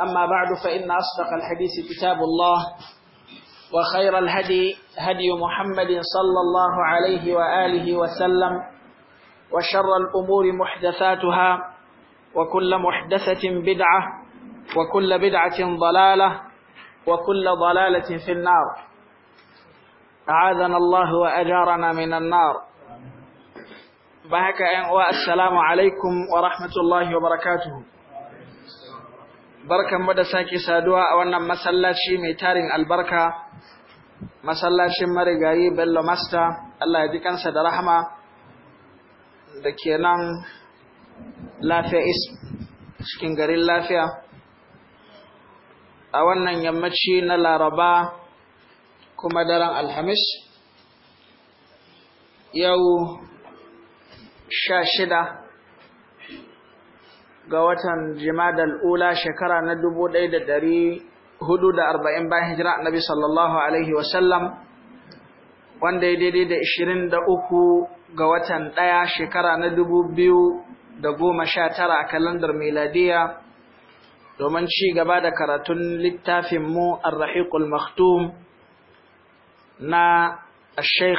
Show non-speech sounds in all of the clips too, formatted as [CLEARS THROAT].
أما بعد فإن أصدق الحديث كتاب الله وخير الهدي هدي محمد صلى الله عليه وآله وسلم وشر الأمور محدثاتها وكل محدثة بدعة وكل بدعة ضلالة وكل ضلالة في النار أعاذنا الله وأجارنا من النار بهك السلام عليكم ورحمة الله وبركاته barkan mu da sake saduwa a wannan masallaci mai tarin albarka masallacin marigayi bello master Allah ya ji kansa da rahama da kenan lafiya is cikin garin lafiya a wannan yammaci na laraba kuma daren alhamis yau sha shida ga watan Jimadal Ula shekara na arba'in bayan hijira Annabi sallallahu alaihi wasallam wanda ya daidai da uku ga watan ɗaya shekara na da goma sha tara a kalandar miladiya domin ci gaba da karatun littafin mu ar Maktum na Sheikh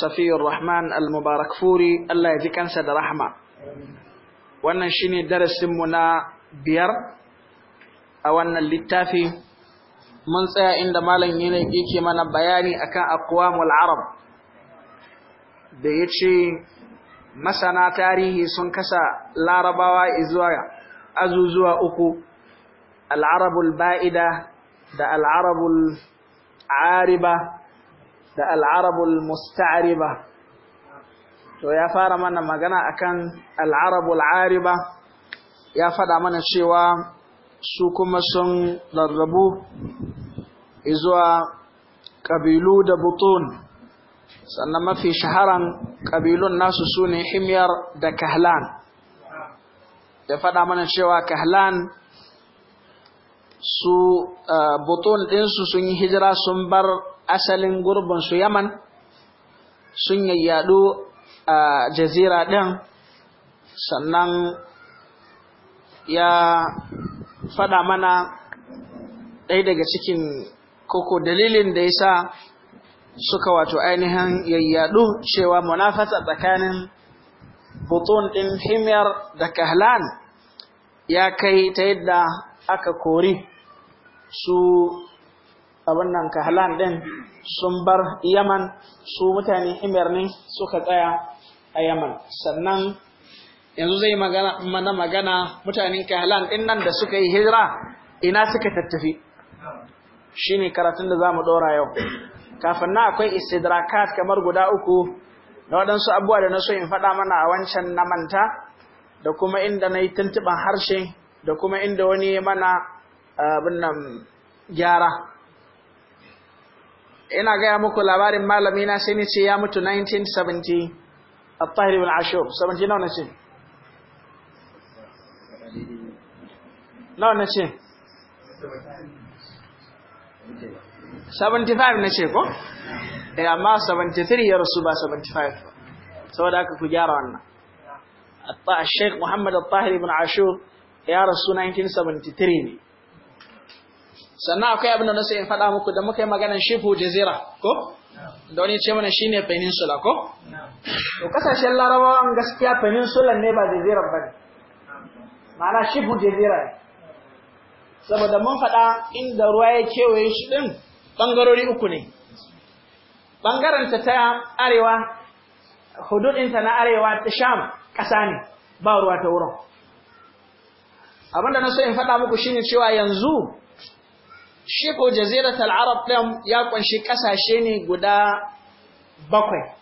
Safiyur Rahman Al-Mubarakfuri Allah ya ji kansa da rahma wannan shine darasinmu na biyar a wannan littafi mun tsaya inda malam yana yake mana bayani akan aqwamul arab da yace masana tarihi sun kasa larabawa izuwa azuzuwa uku al'arabul ba'ida da al ariba da al'arabul arabul musta'riba to ya fara mana magana akan al'arabul ariba ya faɗa mana cewa su kuma sun rarrabu izuwa ƙabilu da butun sannan mafi shaharan ƙabilun nasu su ne himyar da kahlan ya faɗa mana cewa kahlan su eh, butun ɗinsu sun yi hijira sun bar asalin gurbinsu yaman sun yayyadu a jazira ɗin sannan ya faɗa mana ɗaya daga cikin koko dalilin da ya sa suka wato ainihin yayyadu cewa munafasa tsakanin butun ɗin himyar da kahlan ya kai ta yadda aka kori su abin nan kahlan ɗin sun bar yaman su mutane himyar ne suka tsaya a Yaman sannan yanzu zai magana mana magana mutanen Kahlan din nan da suka yi hijira ina suka tattafi shine karatun da zamu dora yau kafin na akwai istidrakat kamar guda uku na waɗansu abubuwa da na so in faɗa mana a wancan na manta da kuma inda na yi tuntuɓen harshe da kuma inda wani ya mana eh, abin nan gyara ina gaya muku labarin malamina sai ni ce ya mutu 1970 at-tahir ibn ashur 70 nawa nace nawa nace 75 nace ko eh amma 73 ya rasu ba 75 saboda haka ku gyara wannan الشيخ محمد الطاهر بن عاشور ya rasu 1973 ne sannan akwai abin da nasu in faɗa muku da muka yi maganar shifu jazira ko da wani ce mana shine peninsula ko to kasashen larabawan gaskiya peninsula ne ba jaziran bane ma'ana bu jazira ne saboda mun faɗa inda ruwa ya kewaye shi ɗin ɓangarori uku ne ɓangaranta ta arewa hududinta na arewa ta sham ƙasa ne ba ruwa ta wurin da na so in faɗa muku shi ne cewa yanzu Shiko jazirat al-Arab ɗin ya ƙunshi ƙasashe ne guda bakwai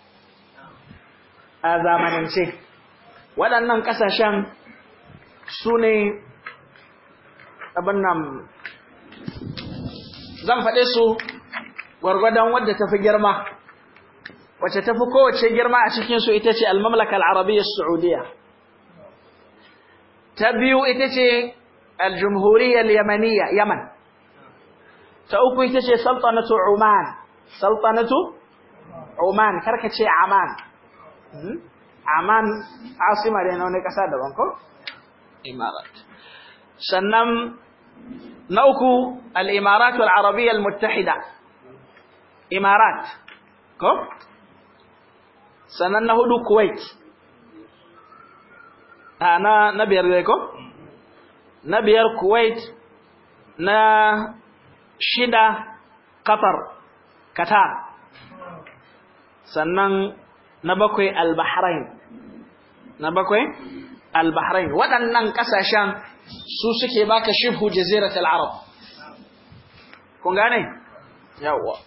a zamanance. Waɗannan ƙasashen su ne abin zan faɗe su gwargwadon wadda ta fi girma. wacce ta fi kowace girma a cikinsu ita ce al-Mamlaka al Saudiya. Ta biyu ita ce al Yamaniya, Yaman. تأوكي تشي سلطنة عمان سلطنة عمان كركة شي عمان عمان عاصمة لأنه كسادة بانكو إمارات سنم نوكو الإمارات العربية المتحدة إمارات كو سنن نهدو كويت أنا نبير ليكو نبير كويت na shida kafar qatar sannan na bakwai al na bakwai al-bahrain waɗannan ƙasashen su suke baka shibhu jaziratul arab kun gane yawwa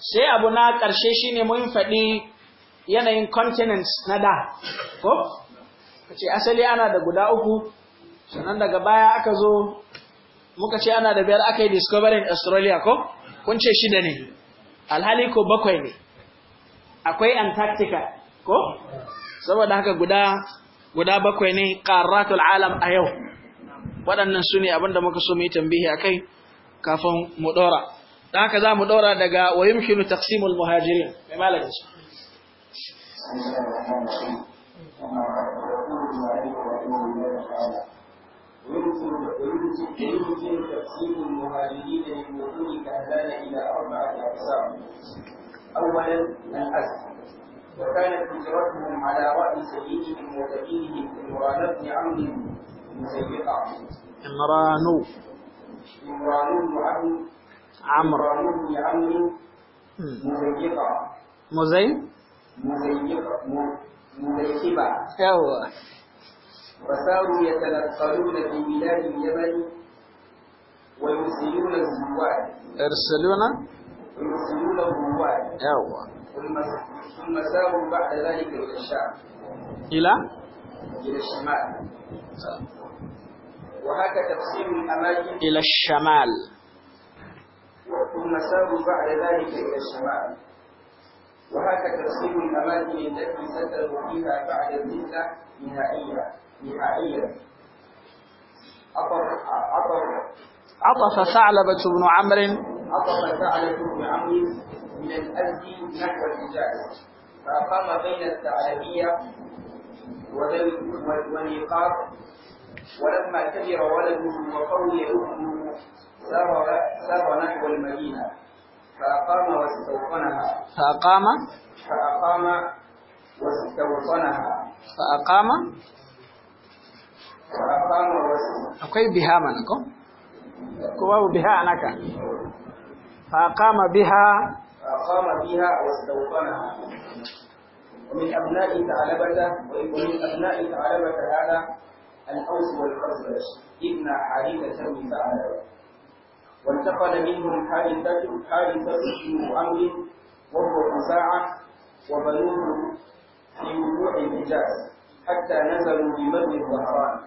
sai abu na ƙarshe shine mun faɗi yanayin continents na da ko kace asali ana da guda uku sannan daga baya aka zo muka ce ana da biyar aka yi discovering Australia ko? Kun ce shida ne, alhali ko bakwai ne, akwai Antarctica ko? Saboda haka guda guda bakwai ne ƙarratul alam a yau, waɗannan su ne abinda muka so mu yi tambihi a kai kafin mu ɗora. Da haka za mu ɗora daga wa yumkinu taqsimul muhajirin, mai malamin su. Thank you. ويمكن تقسيم المهاجرين للوصول كهذان الى اربعه اقسام. اولا الاصل وكانت هجرتهم على راي سيدهم وكبيرهم عمران بن عمرو مسيقا. عمران عمران بن عمرو عمرو بن عمرو مزيقا. مزي؟ مزيقا مزيقا. يوه فصاروا يتنقلون في بلاد اليمن ويرسلون الزوار. يرسلون ويرسلون الزواد ايوه ثم ساروا بعد ذلك الى الشام الى الى الشمال وهكذا تفسير الاماكن الى الشمال ثم ساروا بعد ذلك الى الشمال وهذا تفصيل الأماكن التي تذهب فيها بعد الذلة نهائيا نهائيا عطف عطف عطف ثعلبة بن عمرو عطف ثعلبة بن عمرو من الأرض نحو الحجاز فأقام بين الثعلبية ونيقاط ولما كبر ولده وقوي ابنه سار سار نحو المدينة فأقام واستوطنها فأقام فأقام واستوطنها فأقام فأقام واستوطنها أكوي بها منكم كواب بها أنك فأقام بها فأقام بها واستوطنها ومن أبناء ثعلبة ومن أبناء ثعلبة هذا الأوس والخزرج ابن حارثة بن ثعلبة وانتقل منهم حارثة حارثة بن عمرو وهو خزاعة وبنوه في وقوع الحجاز حتى نزلوا بمد الظهران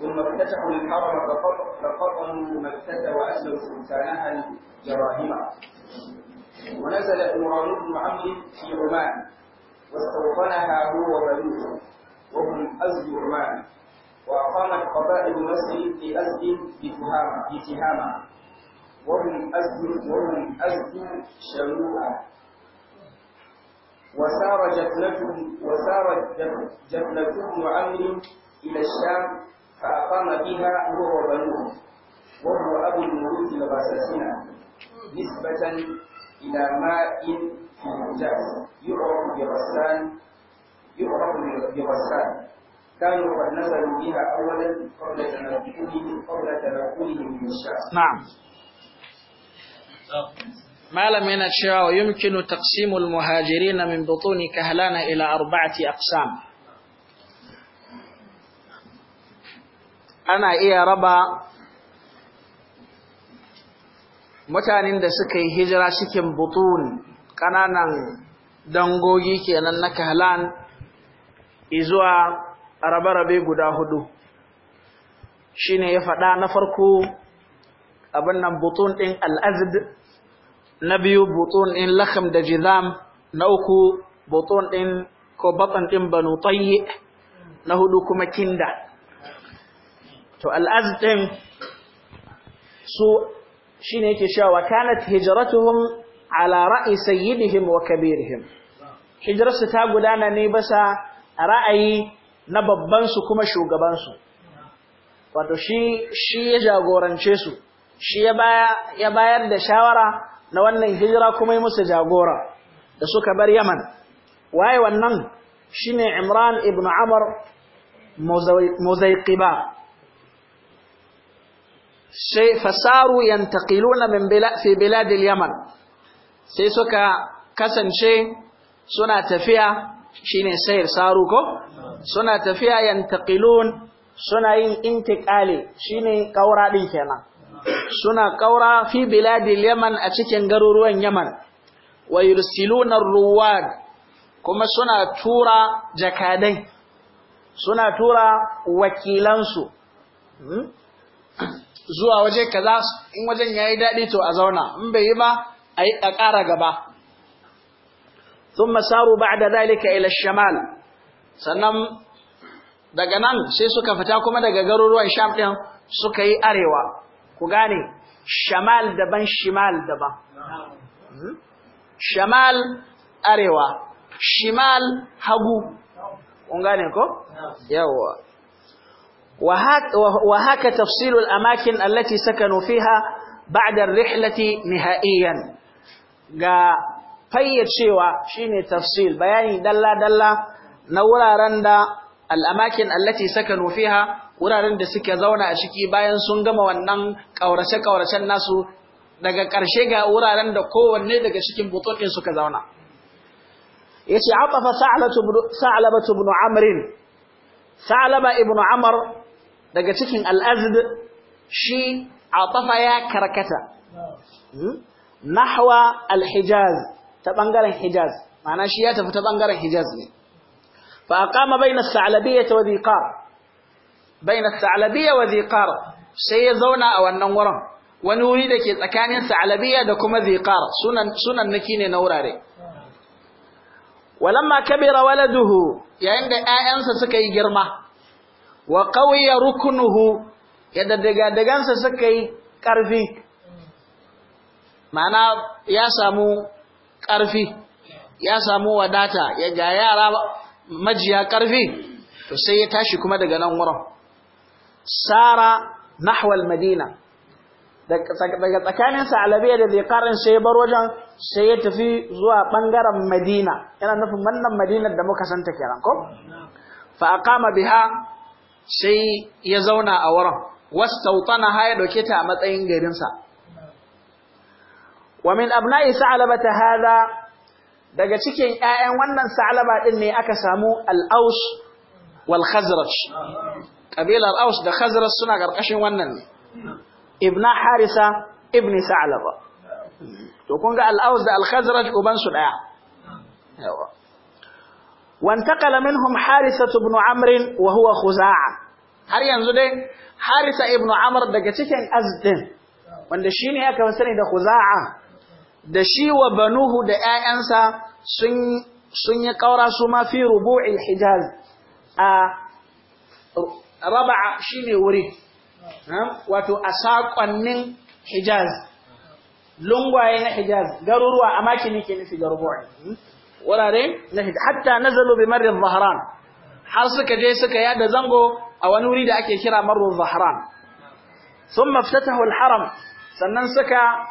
ثم افتتحوا الحرم فقطنوا مكة وأسلوا سلطانها الجراهيم ونزل إمران بن عمرو في عمان واستوطنها هو وبنوه وهم أزد عمان وأقامت قبائل مصر في أزد بتهامة وهم أزد وهم أزد شروعا وسار جفلتهم وسار جفلتهم عمرو إلى الشام فأقام بها هو وبنوه وهو أبو الملوك الغساسنة نسبة إلى ماء في الحجاز يعرف بغسان يعرف بغسان كانوا قد نزلوا بها أولا قبل تنقلهم قبل تنقلهم من الشام نعم malam yana cewa wa yumkinu taqsimul muhajirina min butuni kahlana ila arba'ati aqsam ana iya raba mutanen da suka yi hijira cikin butun kananan dangogi kenan na kahlan izuwa rabe-rabe guda hudu shine ya faɗa na farko abin nan buton ɗin al'azd na biyu buton ɗin lakham da jizam na uku buton ɗin ko batan ɗin banu na hudu kuma kinda to al'azd ɗin su shine yake cewa kanat hijratuhum ala ra'i sayyidihim wa kabirihim hijrarsu ta gudana ne basa ra'ayi na babban su kuma shugaban su wato shi shi ya jagorance su shi ya bayar da shawara na wannan hijira kuma yi musu jagora da suka bar yaman waye wannan shi imran ibn amar muzaiqiba sai fasaru yantaqiluna min fi bilad yaman sai suka kasance suna tafiya shine sayar saru ko suna tafiya yantaqilun suna yin intiqali shine ƙaura din kenan suna ƙaura fi biladil yaman a cikin garuruwan yaman wa yursiluna ruwad kuma suna tura jakadai suna tura wakilansu hmm? zuwa waje kaza in wajen yayi daɗi to a zauna in bai yi ba a yi ƙara gaba thumma saru ba'da dalika ila shamal sannan daga nan sai suka fita kuma daga garuruwan sham ɗin suka yi arewa ku gane shamal daban shimal daban hmm? shamal arewa shimal hagu kun gane ko yawa wa haka tafsilul amakin allati sakanu fiha ba'da rihlati nihaiyan ga fayyacewa shine tafsil bayani dalla dalla na wuraren da al'amakin allati saka nufiha wuraren da suka zauna a ciki bayan sun gama wannan ƙaurace-ƙauracen nasu daga ƙarshe ga wuraren da kowanne daga cikin butokin suka zauna yace afafa sa'laba ibn amr sa'laba ibn amr daga cikin al shi afafa ya karkata hmm, nahwa al-hijaz ta hijaz shi ya tafi ta bangaren hijaz ne فأقام بين الثعلبية وذيقار بين الثعلبية وذيقار سيزونا أو النوران ونوري دكي تكانين ثعلبية دكما ذيقار سنن, سنن نكيني نوراري ولما كبر ولده يعند آيانس سكي جرما وقوي ركنه يدى دقا دقانس سكي كارفي معنى يا سامو ƙarfi ya samu wadata ya ga yara majiya ƙarfi to sai ya tashi kuma daga nan wurin sara nahwal madina daga tsakanin Alabiya da karin sai ya bar wajen sai ya tafi zuwa ɓangaren madina yana nufin wannan madinar da muka santa kiran ko fa aqama biha sai ya zauna a wurin wastautana ha ya dauke ta a matsayin garinsa wa min abna'i sa'alabata hadha daga cikin 'ya'yan wannan salaba din ne aka samu al-aus wal khazraj kabilar aus da khazraj suna ƙarƙashin wannan ne ibn harisa ibn salaba to kun ga al-aus da al-khazraj ɗaya. su daya yawa وانتقل منهم حارثة بن عمرو وهو خزاعة har yanzu dai Harisa ibn Amr daga cikin Azd wanda shi ne aka sani da Khuza'a da shi wa banuhu da ‘ya'yansa sun yi ƙaura su ma fi rubu’in hijaz a raba shi ne wuri, wato a saƙonnin hijaz, lungwaye na hijaz, garuruwa a makini ke nufi garuruwa. Hmm? Wurare na hijaz, hatta na zalo bi marar zaharan, har suka je suka yada zango a wani wuri da ake kira marar zaharan. Sun maftatahu haram sannan suka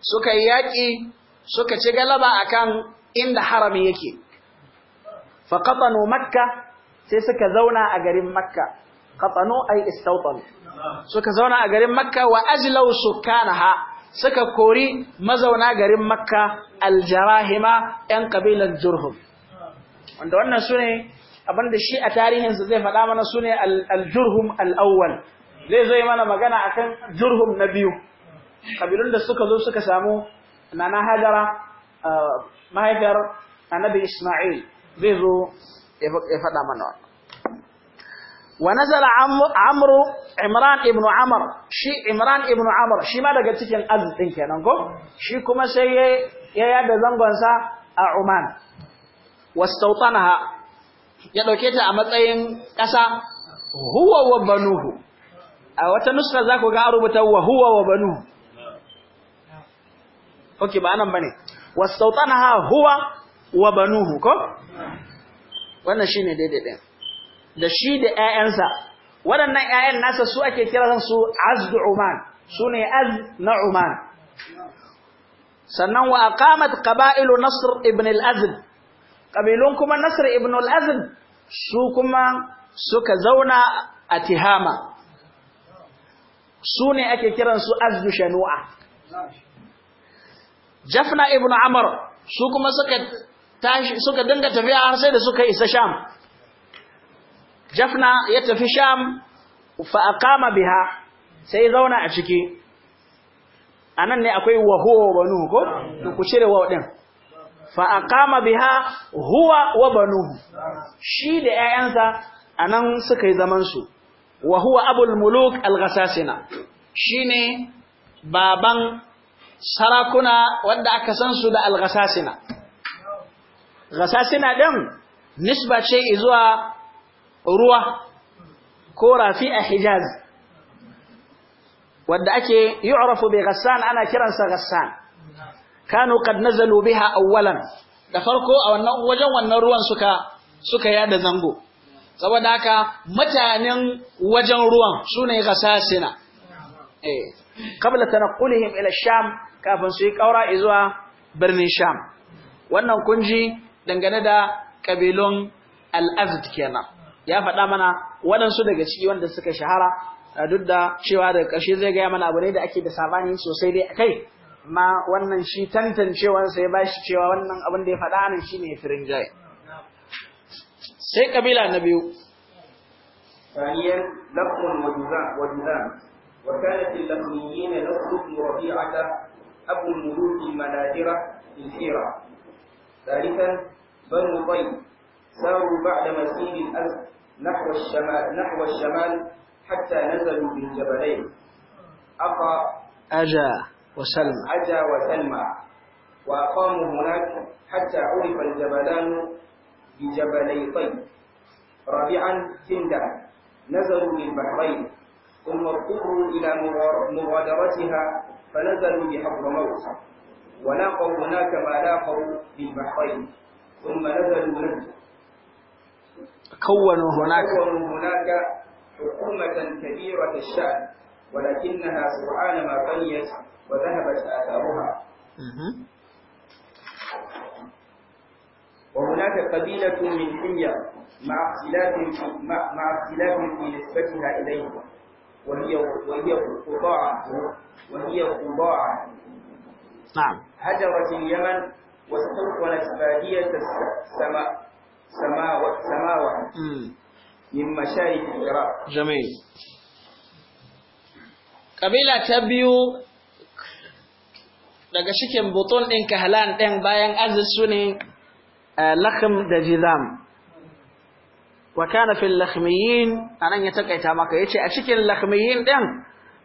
suka yi yaƙi suka ci galaba akan inda harami yake faqatanu makka sai suka zauna a garin makka qatanu ay istawtanu suka zauna a garin makka wa ajlaw sukanaha suka kori mazauna garin makka aljarahima yan kabilan jurhum wanda wannan sune abinda shi a tarihinsu zai faɗa mana sune aljurhum al'awwal zai zo mana magana akan jurhum na biyu kabilun da suka zo suka samu nana hajara uh, mahaifiyar annabi isma'il zai zo ya faɗa mana wannan wa nazala amru imran ibn amr shi imran ibn amr shi ma daga cikin azdin kenan ko shi kuma sai ya yada zangonsa a Oman wastawtanaha ya dauke ta a matsayin ƙasa huwa wa banuhu a wata nuska za ku ga a rubuta wa huwa wa banuhu okay ba nan bane wastautanaha huwa wa banuhu ko wannan shine daidai din da shi da 'ya'yansa, waɗannan 'ya'yan nasa su ake kira su azd uman sune az na uman sannan wa aqamat qaba'ilu nasr ibn al-azd qabilun kuma nasr ibn al-azd su kuma suka zauna a tihama su ne ake kiransu azdu shanu'a Jafna ibn Amr su kuma suka tashi suka dinga tafiya har sai da suka isa Sham Jafna ya tafi Sham fa aqama biha sai zauna a ciki anan ne akwai wa huwa banu ko ku cire wa din fa aqama biha huwa wa banu shi da ƴaƴansa anan suka yi zaman su wa huwa abul muluk al-ghasasina shine baban sarakuna wanda aka san su da al-ghasasina ghasasina din nisba ce zuwa ruwa ko rafi a Hijaz wanda ake yu'rafu bi ghassan ana kiransa ghassan kanu qad nazalu biha awwalan da farko a wannan wajen wannan ruwan suka suka yada zango saboda haka mutanen wajen ruwan sune ghasasina eh qabla tanqulihim ila sham kafin su yi ƙaura izuwa birnin sham wannan kunji dangane da ƙabilun al'azd kenan ya faɗa mana waɗansu daga ciki wanda suka shahara duk da cewa daga ƙarshe zai gaya mana abu ne da ake da sabani sosai dai akai amma wannan shi tantancewansa ya shi cewa wannan abin da ya faɗa nan shine firin jaye sai kabila na biyu ثانيا لقم وجذام وكانت اللقميين لقم رفيعة أبو الملوك المنادرة في السيرة ثالثا بنو طي ساروا بعد مسير الأزد نحو الشمال نحو الشمال حتى نزلوا بالجبلين أقى أجا وسلمى أجا وسلمى وأقاموا هناك حتى عرف الجبلان بجبلي طي رابعا سندا نزلوا للبحرين ثم اضطروا إلى مغادرتها فنزلوا بحفر موت ولاقوا هناك ما لاقوا في البحرين ثم نزلوا نزلا كونوا هناك كونوا هناك حكومة كبيرة الشأن ولكنها سرعان ما بنيت وذهبت آثارها وهناك قبيلة من حمية مع اختلاف مع اختلاف في نسبتها إليهم وهي وهي قضاعة وهي قضاعة نعم هجرت اليمن واستوطنت بادية السماء سماوة سماوة من مشارق العراق جميل قبيلة تبيو daga shikin buton ɗin kahalan ɗin bayan aziz su ne lakhim da jizam wa kana fil lakhmiyin anan ya takaita maka yace a cikin lakhmiyin din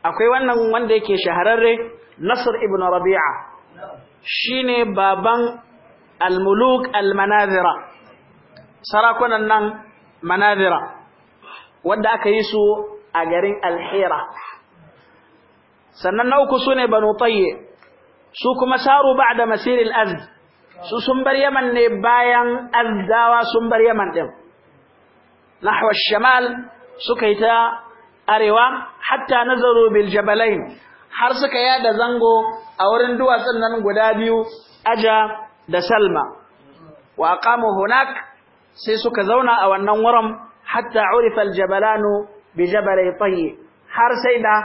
akwai wannan wanda yake shahararre Nasr ibn Rabi'a shine baban al-muluk al-manazira sarakunan nan manazira wanda aka yi su a garin al-Hira sannan na uku sune Banu Tayyi su kuma saru ba'da masir al-Azd su sun bar Yaman ne bayan Azdawa sun bar Yaman din nahwa shamal suka yi ta arewa hatta nazaru bil har suka yada zango a wurin duwatsun nan guda biyu aja da salma wa aqamu hunak sai suka zauna a wannan wurin hatta urifa al jabalanu bi jabalai tayyi har sai da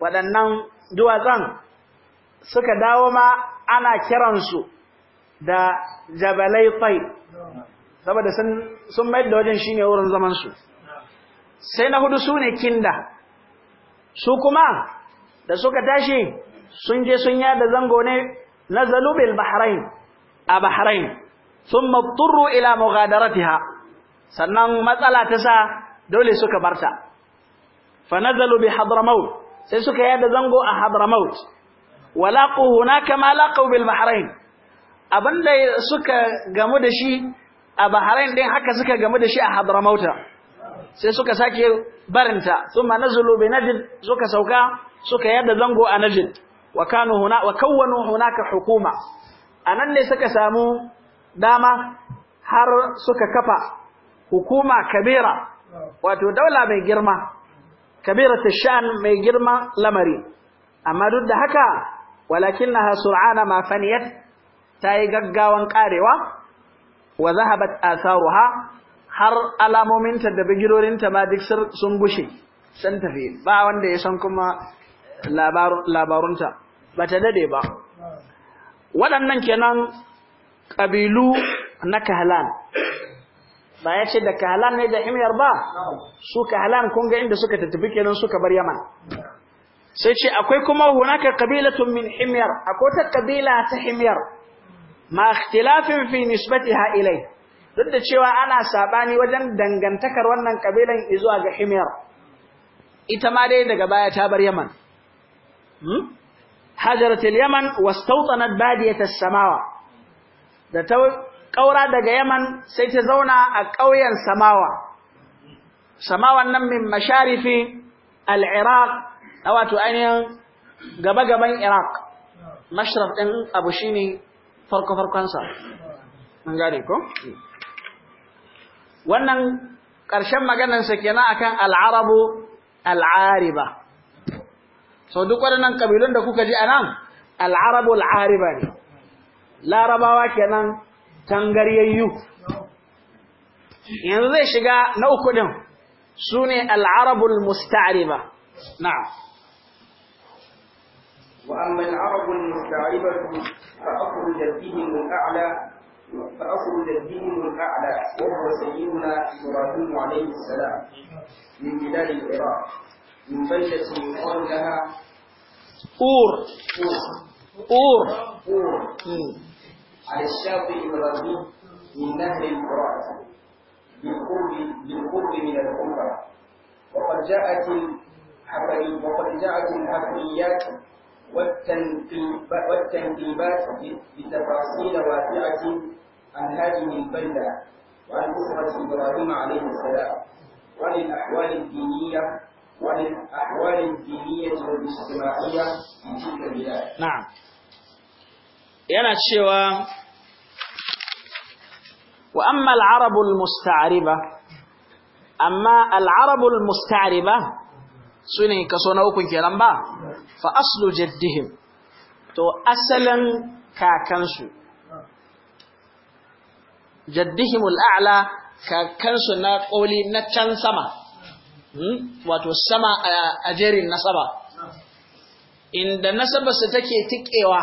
waɗannan duwatsun suka dawo ma ana kiransu da jabalai tayyi saboda sun mayar da wajen shine wurin zamansu. sai na hudu sune kinda su kuma da suka tashi sun je sun yada zango ne na zalubil bahrain a bahrain sun turru ila mugadaratiha sannan matsala ta sa dole suka barta fa nazalu bi hadramaut sai suka yada zango a hadramaut walaqu hunaka ma laqu bil bahrain abinda suka gamu da shi a Bahrain din haka suka gamu da shi a Hadramauta sai suka sake barinta thumma nazulu bi Najd suka sauka suka yadda zango a Najd wa kanu huna wa kawwanu hunaka hukuma anan ne suka samu dama har suka kafa hukuma kabira wato daula mai girma kabiratu shan mai girma lamari amma duk da haka walakinnaha sur'ana ma faniyat tayi gaggawan karewa wa zahabat asaruha har alamominta da bigirorinta ma duk sun gushe sun tafi ba wanda ya san kuma labarunta ba ta dade ba waɗannan kenan ƙabilu na kahlan ba ya ce da kahlan ne da himyar ba su kahlan kun ga inda suka tafi kenan suka bar yaman sai ce akwai kuma hunaka kabilatun min himyar akwai ta kabila ta himyar ma ikhtilafin fi nisbatiha ilai duk da cewa ana sabani wajen dangantakar wannan kabilan izuwa ga Himyar ita ma dai daga baya ta bar Yaman hmm hajaratul Yaman wastawtanat badiyat as-samawa da ta kaura daga Yaman sai ta zauna a ƙauyen Samawa Samawan nan min masharifi al-Iraq wato ainihin gaba gaban Iraq mashraf din abu shine farko farkonsa an gane ko wannan ƙarshen maganarsa kenan akan al al'ariba so duk waɗannan kabilun da kuka ji a nan Al-Ariba ne larabawa kenan tangaryayyu yanzu zai shiga na uku sune Al-Arabu al'arabul na'am وأما العرب المستعربة فأخرجت بهم الأعلى فأخرجت بهم الأعلى وهو سيدنا إبراهيم عليه السلام من بلاد العراق من بلدة يقال لها أور أور أور على الشاطئ الغربي من نهر الفرات بالقرب بالقرب من الحمرة وقد جاءت وقد جاءت الحفريات والتنكيبات بتفاصيل واسعة عن هذه البلدة وعن أسرة إبراهيم عليه السلام وعن الأحوال الدينية وعن الأحوال الدينية والاجتماعية في تلك البلاد. نعم. yana cewa wa amma al'arabul musta'ariba amma al'arabul musta'ariba su ne kaso na hukun kenan ba fa aslu jaddihim to asalin kakansu jaddihim al'ala kakansu na ƙoli na can sama hmm? wato sama a jerin nasaba inda nasabarsu take tikewa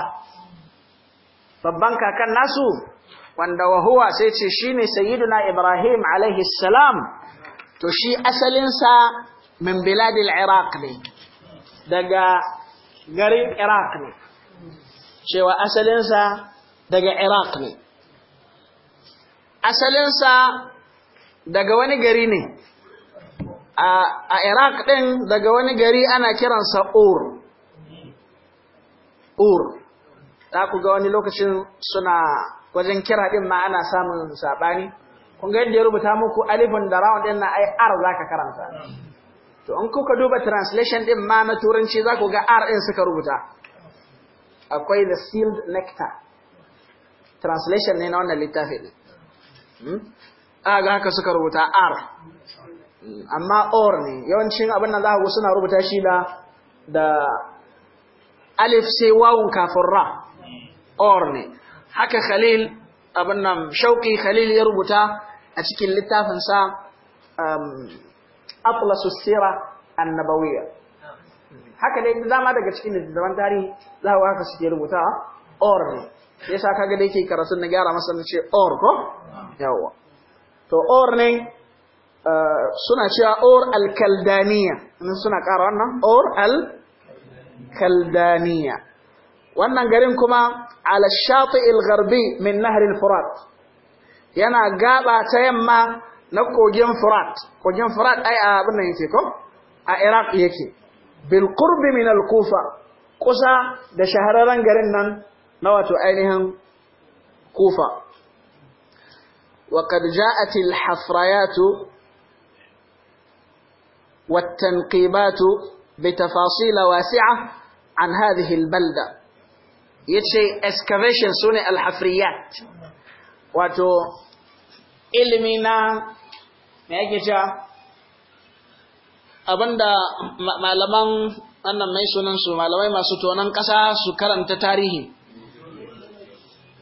babban kakan nasu wanda wahuwa sai ce shine sayiduna ibrahim alaihi to shi asalinsa min biladil iraq ne daga garin iraq ne cewa asalinsa daga iraq ne asalinsa daga wani gari ne a iraq ɗin daga wani gari ana kiransa ur ur za ku ga wani lokacin suna wajen kira ɗin ma ana samun saɓani kun ga yadda ya rubuta muku alifin da rawun ɗin na ai ar za ka karanta to an kuka duba translation din ma na turanci za ku ga r din suka rubuta akwai the sealed nectar translation ne na wannan littafin. Hmm? a ga haka suka rubuta r hmm, amma or ne yawancin abin nan za ku suna rubuta shi da da alif sai wawun kafin ra or ne haka khalil abin nan shauki khalil ya rubuta a cikin littafinsa um, atlasu sira annabawiyya haka dai dama daga cikin littattafan tarihi za ka haka suke rubutawa or ne yasa kaga dai ke karatun na gyara masa ce or ko yawa to or ne eh, suna cewa or Al-Kaldaniya. in suna ƙara wannan or Al-Kaldaniya. wannan garin kuma ala shati al-gharbi min nahri al-furat yana gaba ta yamma na kogin Furat kogin Furat ai a abin nan yake ko a Iraq yake bil qurbi min al Kufa kusa da shahararren garin nan na wato ainihin Kufa wa qad ja'at al hafrayat wat tanqibat bi tafasil wasi'a an hadhihi al balda yace excavation sune al hafriyat wato ilimi na me yake cewa abinda malaman wannan mai sunan su malamai masu tonon ƙasa su karanta tarihi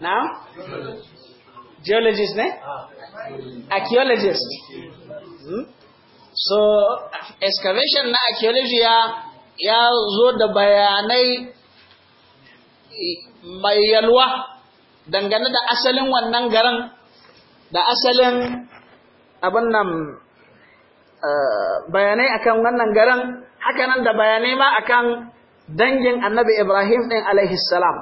na geologist ne archaeologist hmm? so excavation na archaeology ya zo da bayanai mai yalwa dangane da asalin wannan garin da asalin abin nan eh, bayanai akan wannan garin haka nan da bayanai ma akan dangin annabi Ibrahim ɗin alaihi salam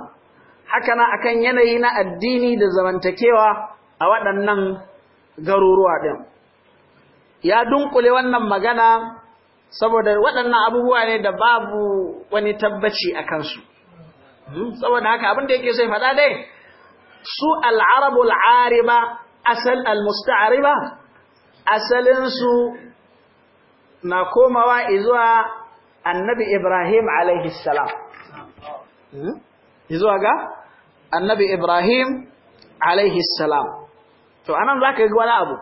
haka nan akan yanayi na addini da zamantakewa a waɗannan garuruwa ɗin ya dunkule wannan magana saboda waɗannan abubuwa ne da babu wani tabbaci a kansu hmm, saboda haka abin da yake sai faɗa dai su al'arabul ariba asal al-musta'ariba asalinsu na komawa izuwa annabi Ibrahim alaihi salam. Hmm? Izuwa ga? Annabi Ibrahim alaihi salam. To, anan za ka yi wani abu,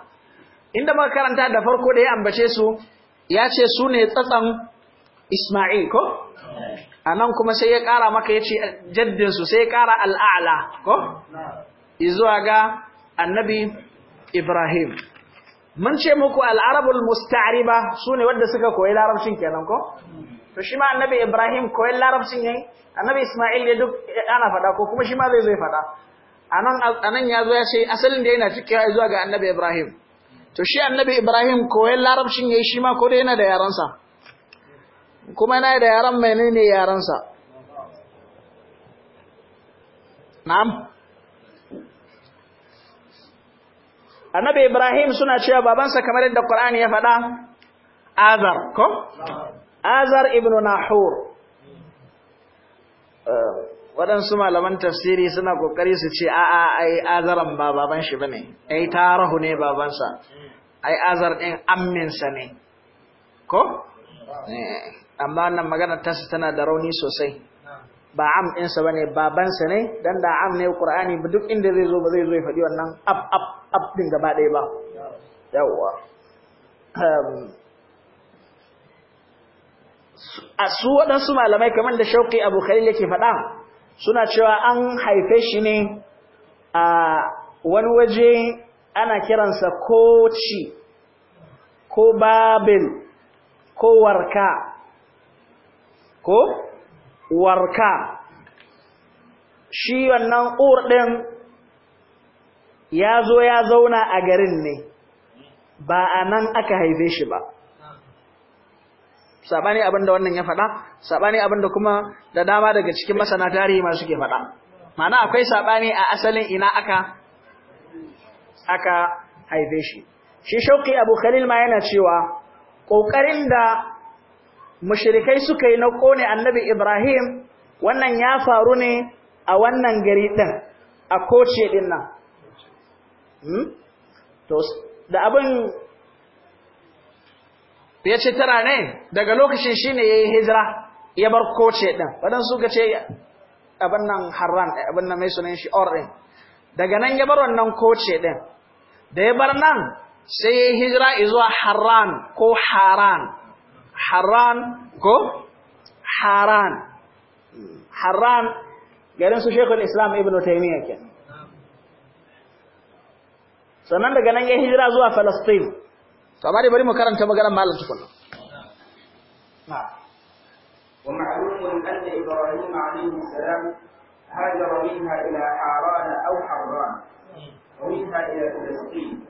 inda muka karanta da farko da ya ambace su, ya ce su ne tsatsan Ismail ko? Anan kuma sai ya ƙara maka ya ce jaddinsu sai ya ƙara al'ala ko? Izuwa ga annabi Ibrahim. mun ce muku al'arabul su sune wadda suka koyi larabcin kenan ko to shi ma annabi Ibrahim koyi larabcin yayi annabi Isma'il ya duk ana fada ko kuma shi ma zai zai fada anan nan ya zo ya ce asalin da yana ya zuwa ga annabi Ibrahim to shi annabi Ibrahim koyi larabcin yayi shi ma ko dai yana da yaran sa kuma yana da yaran menene yaran sa na'am annabi Ibrahim suna cewa babansa kamar yadda Qur'ani ya faɗa Azar ko Azar ibn Nahur eh, waɗansu malaman tafsiri suna kokari su ce a'a ai Azaran ba baban shi bane ai Tarahu ne babansa ai Azar din sa ne ko eh, amma wannan magana ta tana da rauni sosai ba am ɗinsa ba ne babansa ne don da am ne ƙur'ani ba duk inda zai zo ba zai zo ya faɗi wannan ab ab app gaba ɗaya ba Yawwa. Ehm, a su waɗansu malamai kamar da shauƙi abu kari yake faɗa suna cewa an haife shi ne a wani waje ana kiransa ko ci, ko babin ko warka ko warka shi wannan ya zo ya zauna a garin ne ba a nan aka haife shi ba sabani abinda wannan ya faɗa sabani abinda kuma da dama daga cikin masana tarihi ma suke faɗa mana akwai sabani a asalin ina aka aka haife shi shi shauki abu khalil ma yana cewa kokarin da mushrikai suka yi na ƙone annabi ibrahim wannan ya faru ne a wannan gari ɗin a koce din nan Hmm? to da abin ya ce tana ne daga lokacin shi ne ya yi hijira ya bar koce ɗin, waɗansu suka ce abin nan harran eh, abin nan mai sunan shi ɗin, daga nan ya bar wannan koce ɗin, da ya bar nan sai ya yi hijira zuwa harran ko haran harran ko haran haran garin su shekul islam ibn taymiya kenan sannan daga nan ya hijira zuwa Palestine to amma dai bari mu karanta maganar ومعلوم أن إبراهيم عليه السلام هاجر منها إلى حران أو حران ومنها إلى فلسطين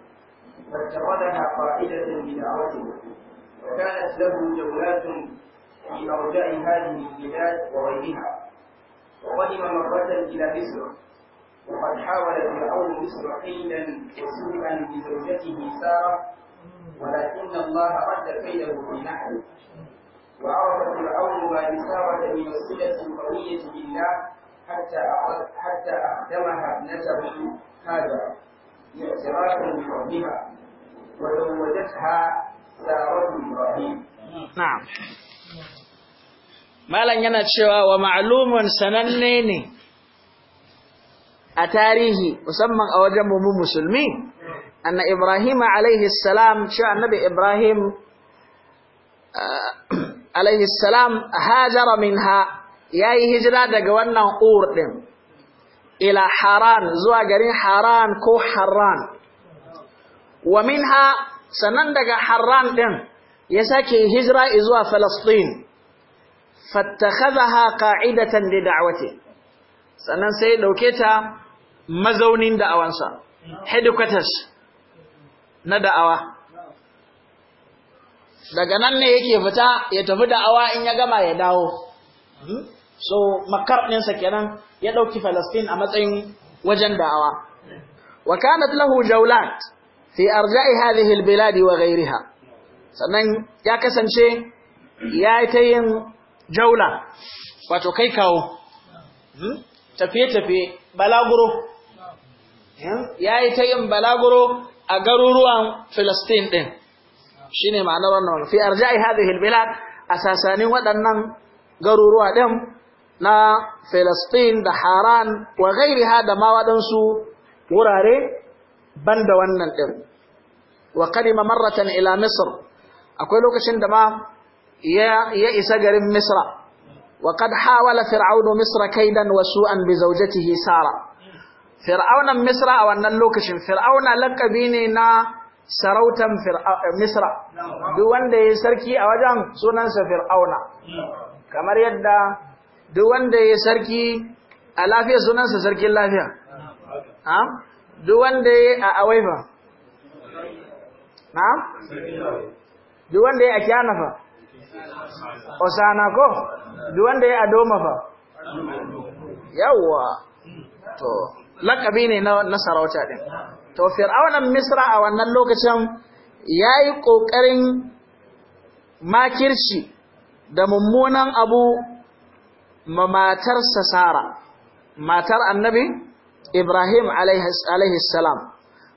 فاتخذها قاعده بدعوته وكانت له جولات في أرجاء هذه البلاد وغيرها وقدم مرة إلى مصر وقد حاول فرعون مصر حيلا وسوءا لزوجته ساره ولكن الله رد كيده في نحره وعرف فرعون ما لساره من صله قويه بالله حتى حتى اخدمها ابنته هاجر اعترافا بحبها وزوجتها ساره ابراهيم. نعم. مالا yana cewa ومعلوم سننيني a tarihi musamman a wajen mu musulmi anna ibrahim alaihi salam shi annabi ibrahim [CLEARS THROAT] alaihi salam hajara minha yayi hijira daga wannan ur din ila haran zuwa garin haran ko haran wa minha sannan daga haran din ya sake hijira zuwa falastin fattakhadha qa'idatan li da'wati sanan sai dauke ta mazaunin da'awansa headquarters na da'awa daga nan ne yake fita ya tafi da'awa in ya gama ya dawo so makar ɗinsa kenan ya ɗauki falastin a matsayin wajen da'awa wa kanat lahu jawlat fi arja'i hadhihi albilad wa ghayriha sannan ya kasance ya ta yin jaula wato kai kawo hmm? tafiye-tafiye balaguro ya yi ta yin balaguro a garuruwan Filistin ɗin shi ne ma'anar wannan fi yi haɗe hilbilad a sasanin waɗannan garuruwa ɗin na Filistin da Haran wa ha da ma waɗansu wurare da wannan ɗin wa marratan ila Misr akwai lokacin da ma ya isa garin Misra وقد حاول فرعون مصر كيدا bi بزوجته hisara fir'aunan misra a wannan lokacin fir'auna lakabi ne na sarautan eh, misra duk wanda ya sarki a wajen sunansa fir'auna kamar yadda duk wanda ya sarki a lafiya sunansa sarkin lafiya duk wanda ya a awaifa na? duk wanda ya a kyana fa osana ko duk wanda ya a doma fa yawwa to lakabi ne na sarauta ɗin. To, fir'aunan Misra a wannan lokacin ya yi ƙoƙarin makirci da mummunan abu ma matarsa Sara, matar annabi Ibrahim salam.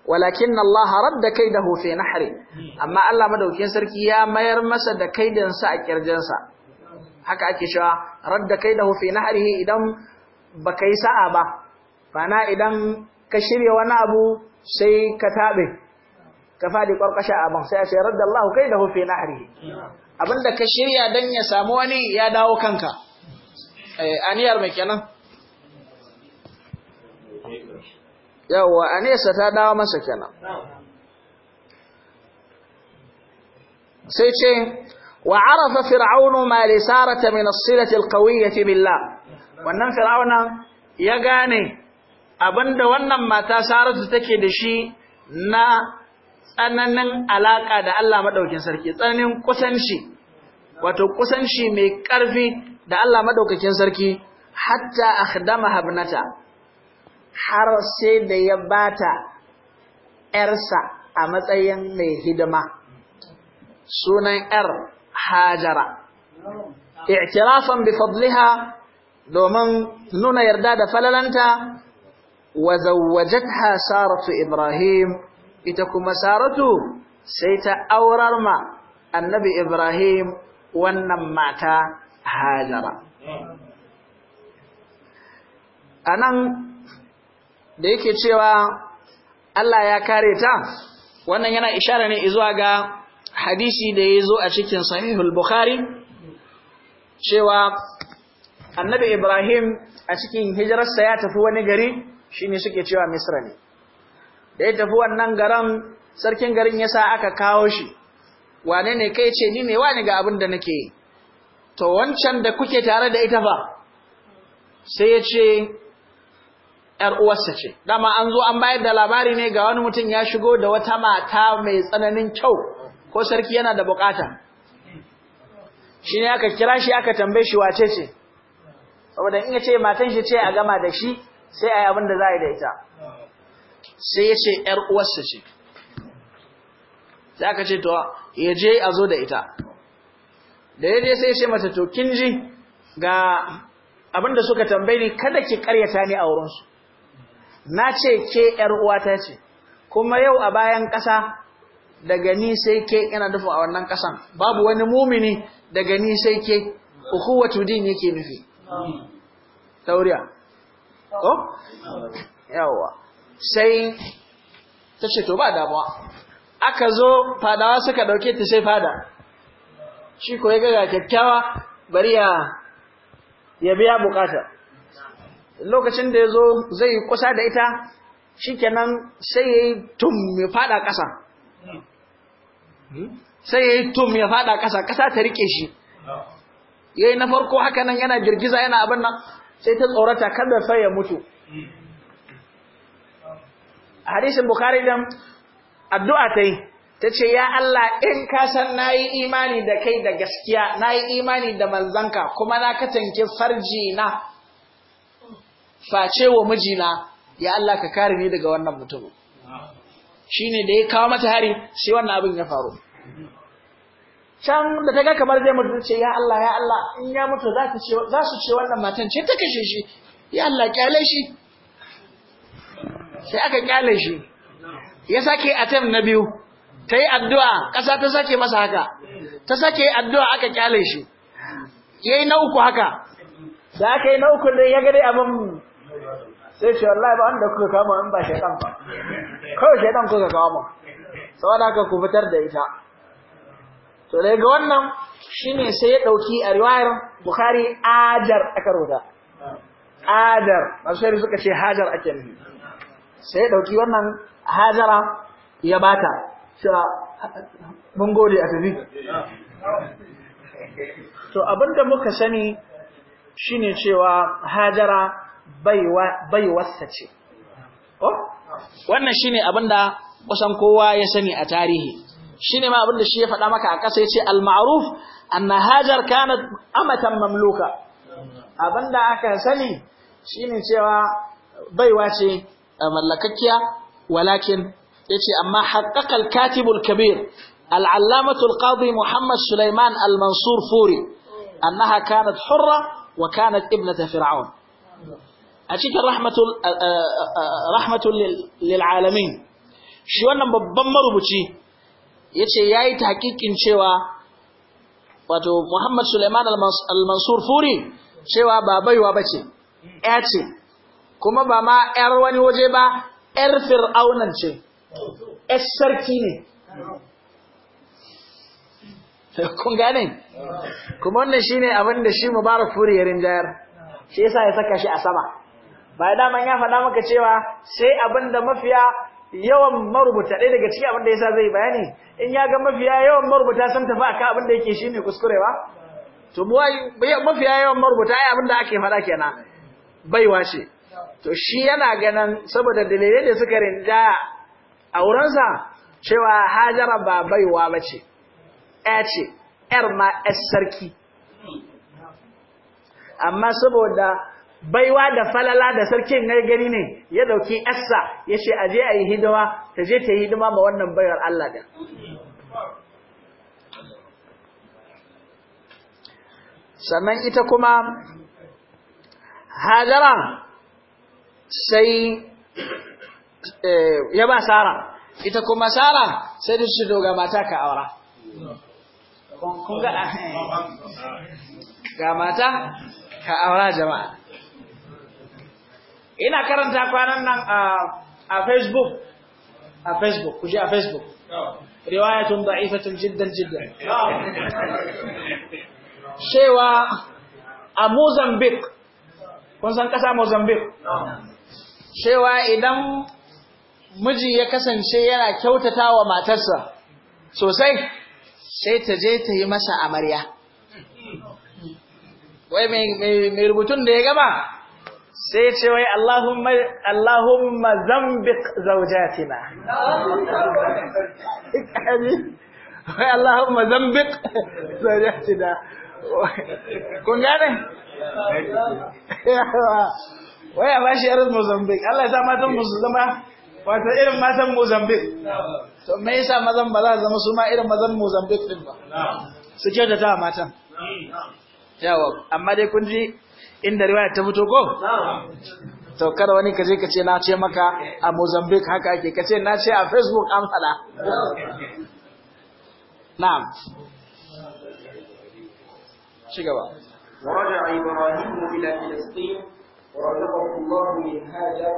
walakin Allah radda kaidahu fi nahri amma Allah madaukin sarki ya mayar masa da kaidansa a kirjinsa haka ake cewa radda kaidahu fi nahrihi idan baka yi sa'a ba Mana idan ka shirya wani abu sai ka taɓe, ka faɗi ƙwarƙashin abin sai a ce radda Allah kai da hufe na hari. da ka shirya don ya samu wani ya dawo kanka. Eh, aniyar mai kenan? Yawwa, aniyarsa ta dawo masa kenan. Sai ce, wa arafa fir'aunu ma lisarata min as-silati al-qawiyyati billah. Wannan fir'auna ya gane abinda wannan mata Saratu take da shi na tsananin alaka da Allah madaukakin sarki tsananin kusanci wato kusanci mai karfi da Allah madaukakin sarki hatta akhdama habnata har sai da ya bata ‘yarsa a matsayin mai hidima, sunan ‘yar Hajara, i'tirafan bi fadliha domin nuna yarda da falalanta wa zawwajatha saratu ibrahim ita kuma saratu sai ta aurar ma annabi ibrahim wannan mata hajara anan da yake cewa Allah ya kare ta wannan yana ishara ne zuwa ga hadisi da ya zo a cikin sahihul bukhari cewa annabi ibrahim a cikin hijirarsa ya tafi wani gari ne suke cewa Misra ne da ya tafi wannan garan sarkin garin ya sa aka kawo shi wane ne kai ce ni ne wani ga abin da nake yi to wancan da kuke tare da ita ba sai ya ce ‘yar uwarsa ce, dama an zo an bayar da labari ne ga wani mutum ya shigo da wata mata mai tsananin kyau ko sarki yana da bukata. Shi ne aka kira shi aka tambaye shi wace ce, saboda in ya ce matan shi ce a gama da shi, sai a yi abin da za a yi da ita sai ya ce ‘yar uwarsa ce sai aka ce towa ya je a zo da ita da ya je sai ya ce mata to kin ji ga abin da suka tambayi ni kada ki karyata ni a wurinsu na ce ke ‘yar uwata ce kuma yau a bayan ƙasa daga ni sai ke yana nufin a wannan ƙasan babu wani mumini daga ni sai ke uku wata din yake nufi tauriya ko yawa sai ta ce to ba damuwa aka zo fadawa suka dauke ta sai fada shi ko ya ga kyakkyawa bari ya biya bukata lokacin da ya zo zai kusa da ita shikenan sai ya yi tum ya fada kasa sai ya yi tum ya fada ƙasa ƙasa ta rike shi ya yi na farko haka nan yana girgiza yana abin nan sai ta tsorata kada fa ya mutu hadisin bukhari dan addu'a ta tace ya Allah in ka san nayi imani da kai da gaskiya nayi imani da manzanka kuma na katanke farji na face wa mijina ya Allah ka kare ni daga wannan mutum shi da ya kawo mata hari sai wannan abin ya faru can da ta ga kamar zai mutu ce ya Allah ya Allah in ya mutu za su ce za su ce wannan matan ce ta kashe shi ya Allah kyale shi sai aka kyale shi ya sake attempt na biyu ta yi addu'a ƙasa ta sake masa haka ta sake addu'a aka kyale shi ya yi na uku haka da aka yi na uku ne ya gade abin sai shi wallahi ba wanda kuka kama in ba shaitan ba kawai shaitan kuka kama saboda haka ku fitar da ita to daga wannan shine sai ya dauki a riwayar bukhari adar aka rubuta adar masu suka ce hajar ake nufi sai ya dauki wannan hajara ya bata cewa mun gode a tafi to abinda muka sani shine cewa hajara baiwarsa ce oh? wannan shine abinda kusan kowa ya sani a tarihi shine ma abin da shi ya faɗa maka a ƙasa yace al-ma'ruf anna hajar kanat amatan mamluka abinda aka sani shine cewa baiwa ce mallakakkiya walakin yace amma haqqaqa al-katib al-kabir al-allamah al-qadi Muhammad Sulaiman al-Mansur Furi annaha kanat hurra wa kanat ibnata fir'aun a cikin rahmatul rahmatul lil alamin shi wannan babban marubuci ya ce ya yi taƙiƙin cewa wato Muhammad Suleiman al-Mansur Furi cewa ba baiwa ba ce, ‘ya ce, kuma ba ma ‘yar wani waje ba, ‘yar fir'aunan ce, ‘yar sarki ne. [LAUGHS] Kun gane? Kuma wannan shi ne abin da shi Mubarak Furi ya rinjayar, shi yasa ya saka shi a sama. Ba ya daman ya faɗa maka cewa sai abin da mafiya yawan marubuta ɗaya daga cikin abin da yasa zai bayani in ya ga mafiya yawan marubuta san tafi akan abin da yake shine kuskure ba to mafiya yawan marubuta ai abin da ake fada kenan baiwa ce to shi yana ganin saboda dalilai da suka rinda a wurinsa cewa hajara ba baiwa ba ce ya ce ‘yar ma ‘yar sarki’ amma saboda baiwa da falala da sarkin gani ne ya dauki yassa ya ce aje a yi hidima ta je ta yi hidima ma wannan bayar Allah da sannan ita kuma hajara sai eh, ya ba sara ita kuma sara sai da su doga mata ka aura eh, ga mata ka aura jama'a ina karanta kwanan nan a facebook a facebook ku a facebook riwayatun da'ifatun jiddan jiddan Shewa a mozambique kun san ƙasa mozambique Shewa idan miji ya kasance yana kyautata wa matarsa sosai sai ta je ta yi masa amarya wai mai rubutun da ya gama sai ce wai Allahumma zambik zambiq zawjatina [LAUGHS] wai Allahumma zambiq zawjatina kun gane [LAUGHS] wai a bashi yaran Mozambik, Allah ya sa matan musu zama wata irin matan Mozambik. to me yasa mazan ba za su zama su ma irin mazan Mozambik din ba su ta matan yawa amma dai kun ji inda riwaya ta fito ko to kada wani kaje kace na ce maka a Mozambique haka ake kace na ce a Facebook an fada na'am ci gaba ورجع إبراهيم إلى فلسطين ورزقه الله من هاجر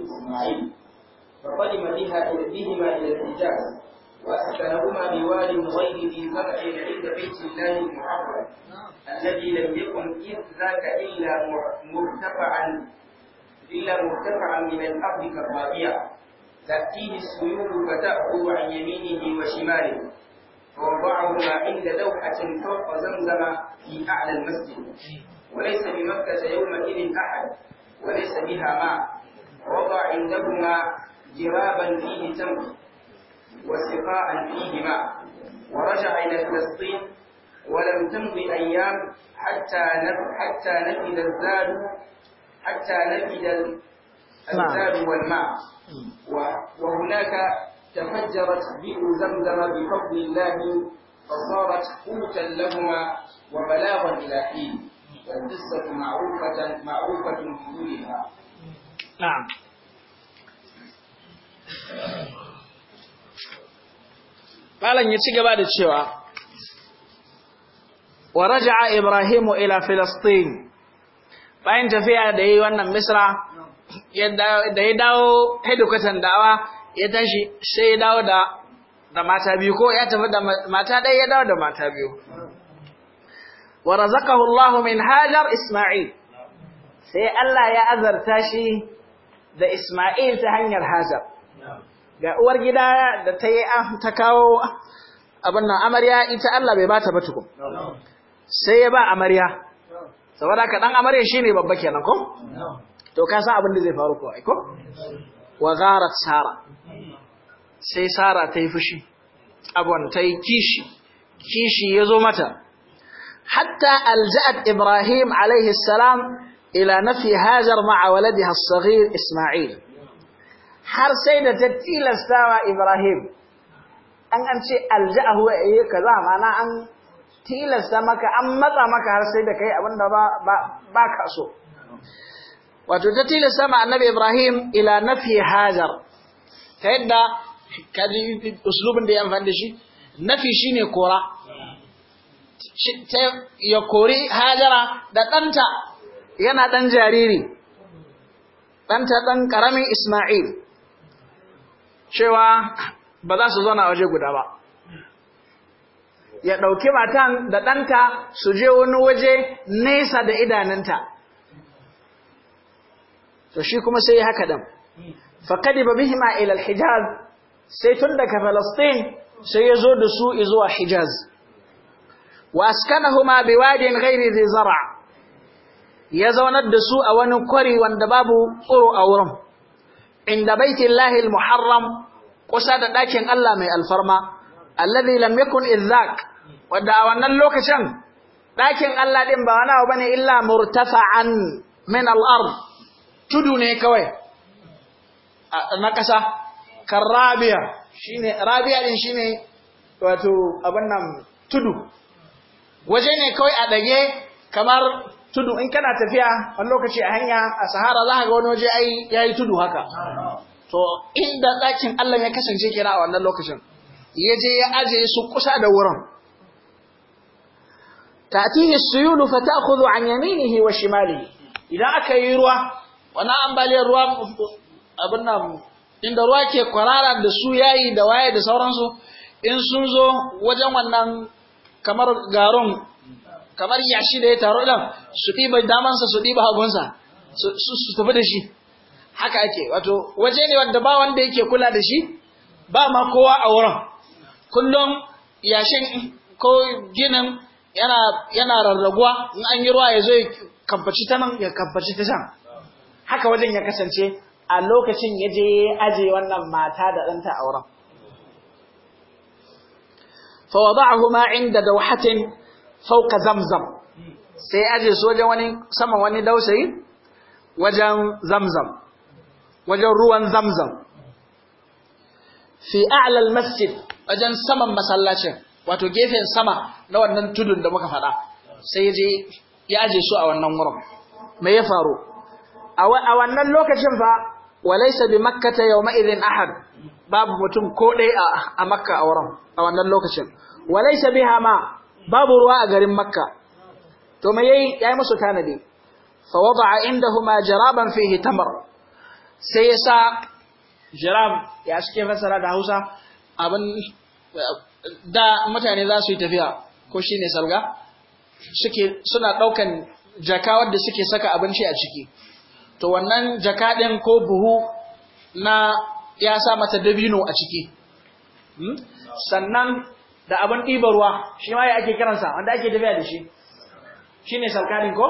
إسماعيل فقدم بها بهما إلى الحجاز وأسكنهما بوالي غير ذي زرع عند بيت الله المحرم الذي لم يكن إذ ذاك إلا مرتفعا إلا مرتفعا من الأرض كالرابيع تأتيه السيول فتأخذ عن يمينه وشماله فوضعهما عند لوحة فوق زمزم في أعلى المسجد وليس بمكة يومئذ أحد وليس بها ماء وضع عندهما جرابا فيه تمر وسقاء فيه ماء ورجع إلى فلسطين ولم تمض أيام حتى حتى نفد الزاد حتى نفد نعم. الزاد والماء وهناك تفجرت بئر زمزم بفضل الله فصارت قوتا لهما وبلاغا إلى حين والقصة معروفة معروفة بدونها نعم Malam ya ci gaba da cewa, Wa raja'a Ibrahimu ila Filistin, bayan tafiya da yi wannan Misra, da ya dawo hedukatan dawa ya tashi sai ya dawo da mata biyu ko ya tafi da mata ɗaya ya dawo da mata biyu. Wa razaqahu Allahu min Hajar Isma'il. Sai Allah ya azarta shi da Isma'il ta hanyar Hajar. ga uwar gida da ta yi ah, ta kawo abin nan amarya ita Allah bai bata ba tukun sai ya ba amarya saboda ka dan amarya shine babba kenan ko to ka san abin da zai faru ko ai ko wa gharat sara sai sara ta yi fushi abun ta yi kishi kishi ya zo mata hatta alja'at ibrahim alaihi salam ila nafi hajar ma'a waladiha as-saghir isma'il har sai da ta tilasta wa Ibrahim an an ce alja'ahu ayi eh, kaza mana an tilasta maka an matsa maka har sai da kai abinda ba ba ka so wato ta tilasta ma annabi Ibrahim ila nafi hajar ta yadda kaji uslubin da ya amfani da shi nafi shine kora ya kori hajara da ɗanta yana ɗan jariri ɗanta ɗan ƙaramin Ismail cewa ba za su zauna waje guda ba ya ɗauki matan da ɗanta su je wani waje nesa da idanunta to shi kuma sai ya haka ɗan kadi ba bihima ilal hijaz sai tun daga falastin sai ya zo da su zuwa hijaz wa askanahuma biwadin ghairi zai zara ya zaunar da su a wani kwari wanda babu tsoro a wurin inda baitin lahil muharram kusa da ɗakin Allah mai alfarma alladhi lam yakun izzak wanda a wannan lokacin ɗakin Allah ɗin ba wani abu bane illa murtafa'an min al'ar. tudu ne kawai na ƙasa kan Rabi'a. shine rabiya shi ne wato abin nan tudu waje ne kawai a dage kamar tudu in kana tafiya wani lokaci a hanya a sahara za ka ga wani waje ya yi tudu haka to inda ɗakin Allah ya kasance kira a wannan lokacin ya je ya ajiye su kusa da wurin Ta tatihi ta kudu an yaminihi wa shimalihi idan aka yi ruwa wani ambaliyar ruwa abin nan inda ruwa ke kwarara da su yayi da waye da sauransu in sun zo wajen wannan kamar garon kamar yashi da ya taro ɗan su ɗiba damansa su ɗiba hagunsa su tafi da shi haka ake wato waje ne wanda ba wanda yake kula da shi ba ma kowa a wurin kullum yashin ko ginin yana yana rarraguwa in an yi ruwa ya zo ya kamfaci ta nan ya kamfaci ta can haka wajen ya kasance a lokacin ya je aje wannan mata da ɗanta a wurin فوضعهما عند دوحة fauka zamzam sai aje su wajen wani sama wani dausayi wajen zamzam wajen ruwan zamzam fi a'lal masjid wajen saman masallacin wato gefen sama na wannan tudun da muka faɗa sai je ya aje su a wannan wurin me ya faru a wannan lokacin fa walaysa bi makkata yawma idhin ahad babu mutum ko dai a makka a wurin a wannan lokacin walaysa biha ma babu ruwa a garin makka to mai yayi yayi musu tanadi fa wada'a indahuma jaraban fihi tamar sai ya sa jarab ya shike fasara da Hausa abin da mutane za su yi tafiya ko shine salga suke suna daukan jaka wadda suke saka abinci a ciki to wannan jaka din ko buhu na ya sa mata dabino a ciki hmm? sannan da abin ɗibar ruwa shi ma ya ake kiransa wanda ake tafiya da shi shi ne sarkanin ko